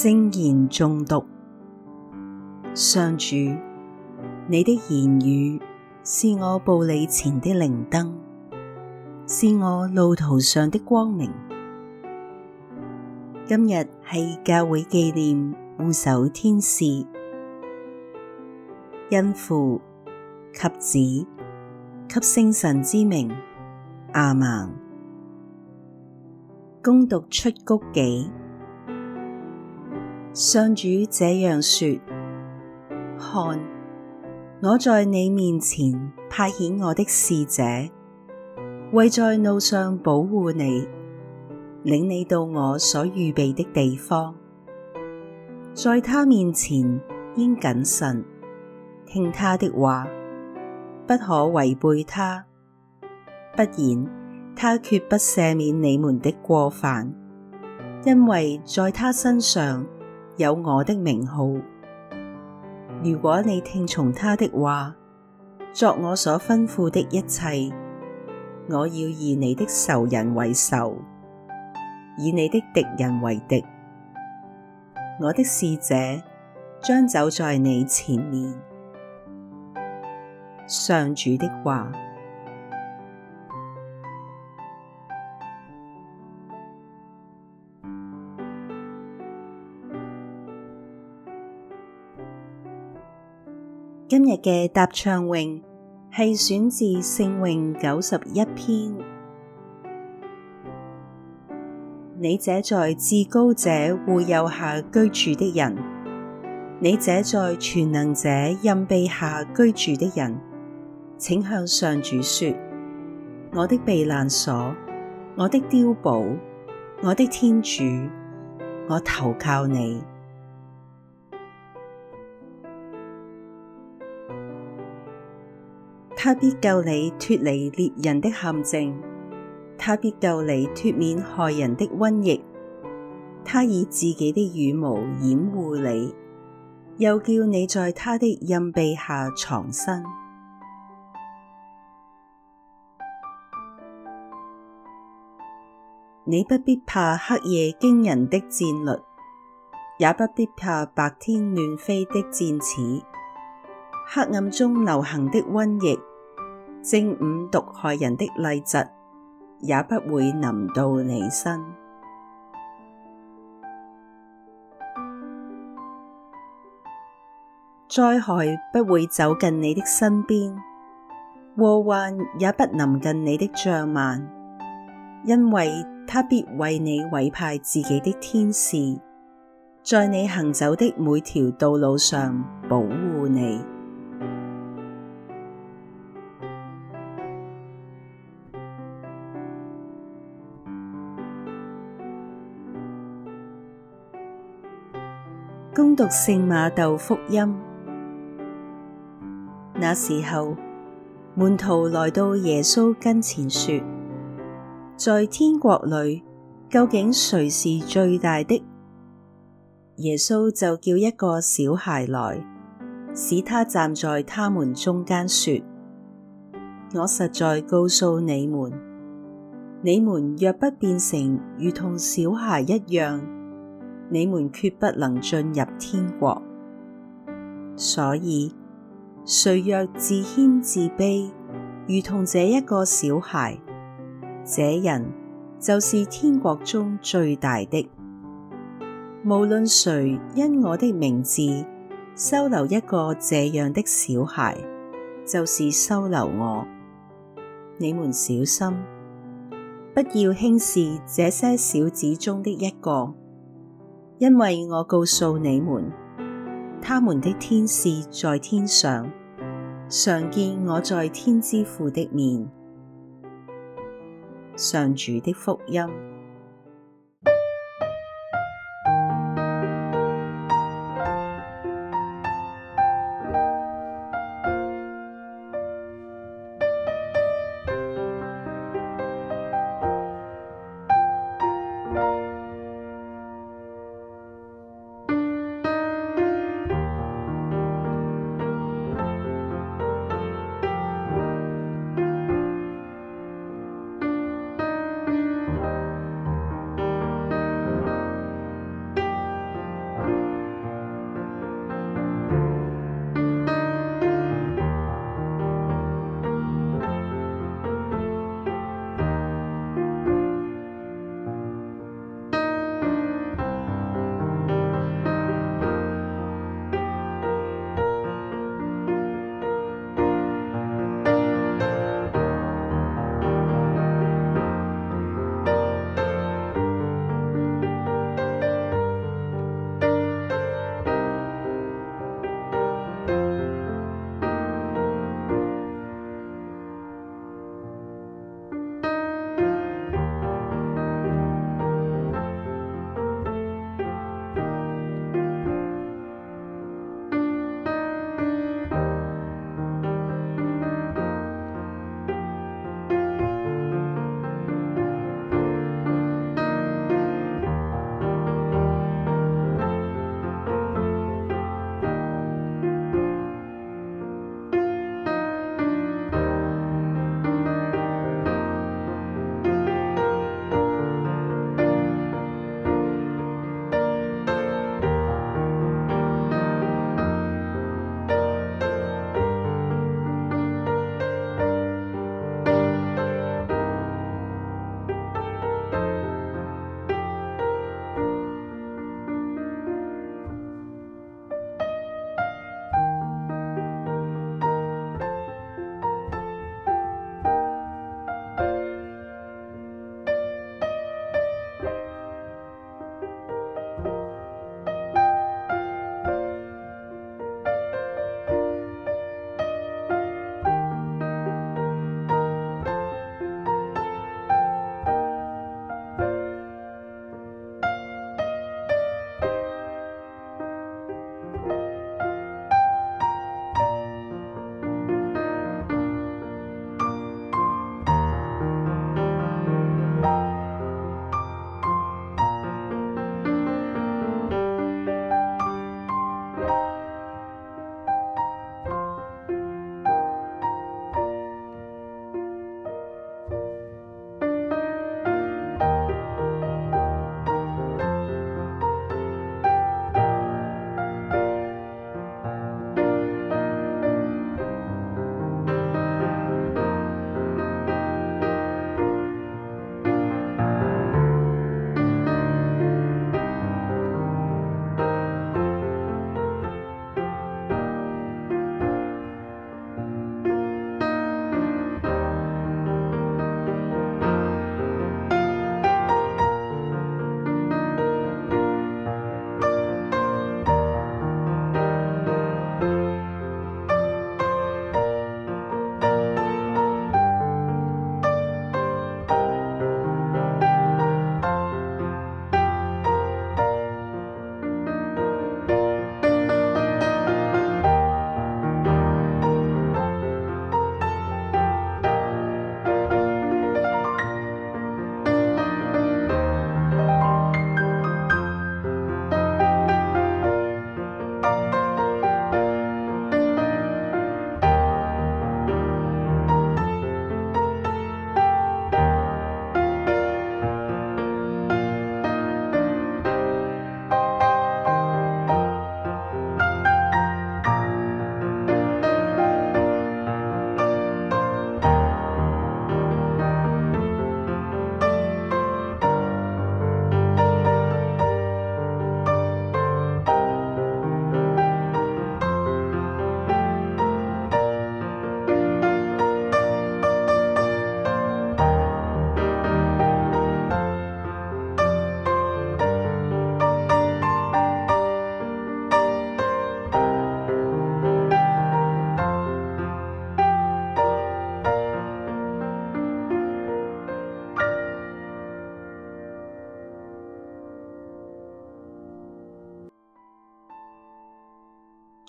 聖言誦讀，上主，你的言語是我步履前的靈燈，是我路途上的光明。今日係教會紀念護守天使，因父及子及聖神之名，阿門，恭讀出谷記上主這樣說：看，我在你面前派遣我的使者，為在路上保護你，領你到我所預備的地方。在他面前應謹慎，聽他的話，不可違背他，不然他決不赦免你們的過犯，因為在他身上，有我的名號，如果你聽從他的話，作我所吩咐的一切，我要以你的仇人為仇，以你的敵人為敵。我的使者將走在你前面。上主的話。今日嘅答唱詠係選自聖詠九十一篇。你這在至高者護佑下居住的人，你這在全能者蔭庇下居住的人，請向上主說：我的避難所，我的碉堡，我的天主，我投靠你。他必救你脫離獵人的陷阱，他必救你脫免害人的瘟疫。他以自己的羽毛掩護你，又叫你在他的蔭庇下藏身。你不必怕黑夜驚人的顫慄，也不必怕白天亂飛的箭矢。黑暗中流行的瘟疫。正午毒害人的癘疾，也不會臨到你身，災害不會走近你的身邊，禍患也不臨近你的帳幔，因為他必為你委派自己的天使，在你行走的每條道路上保護你。恭讀聖馬竇福音，那時候，門徒來到耶穌跟前說：在天國裏究竟誰是最大的？耶穌就叫一個小孩來，使他站在他們中間，說：我實在告訴你們，你們若不變成如同小孩一樣，你們決不能進入天國。所以，誰若自謙自卑，如同這一個小孩，這人就是天國中最大的。無論誰因我的名字收留一個這樣的小孩，就是收留我。你們小心，不要輕視這些小子中的一個。因為我告訴你們，他們的天使在天上，常見我在天之父的面，上主的福音。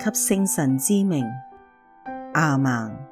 及聖神之名，阿們。Man.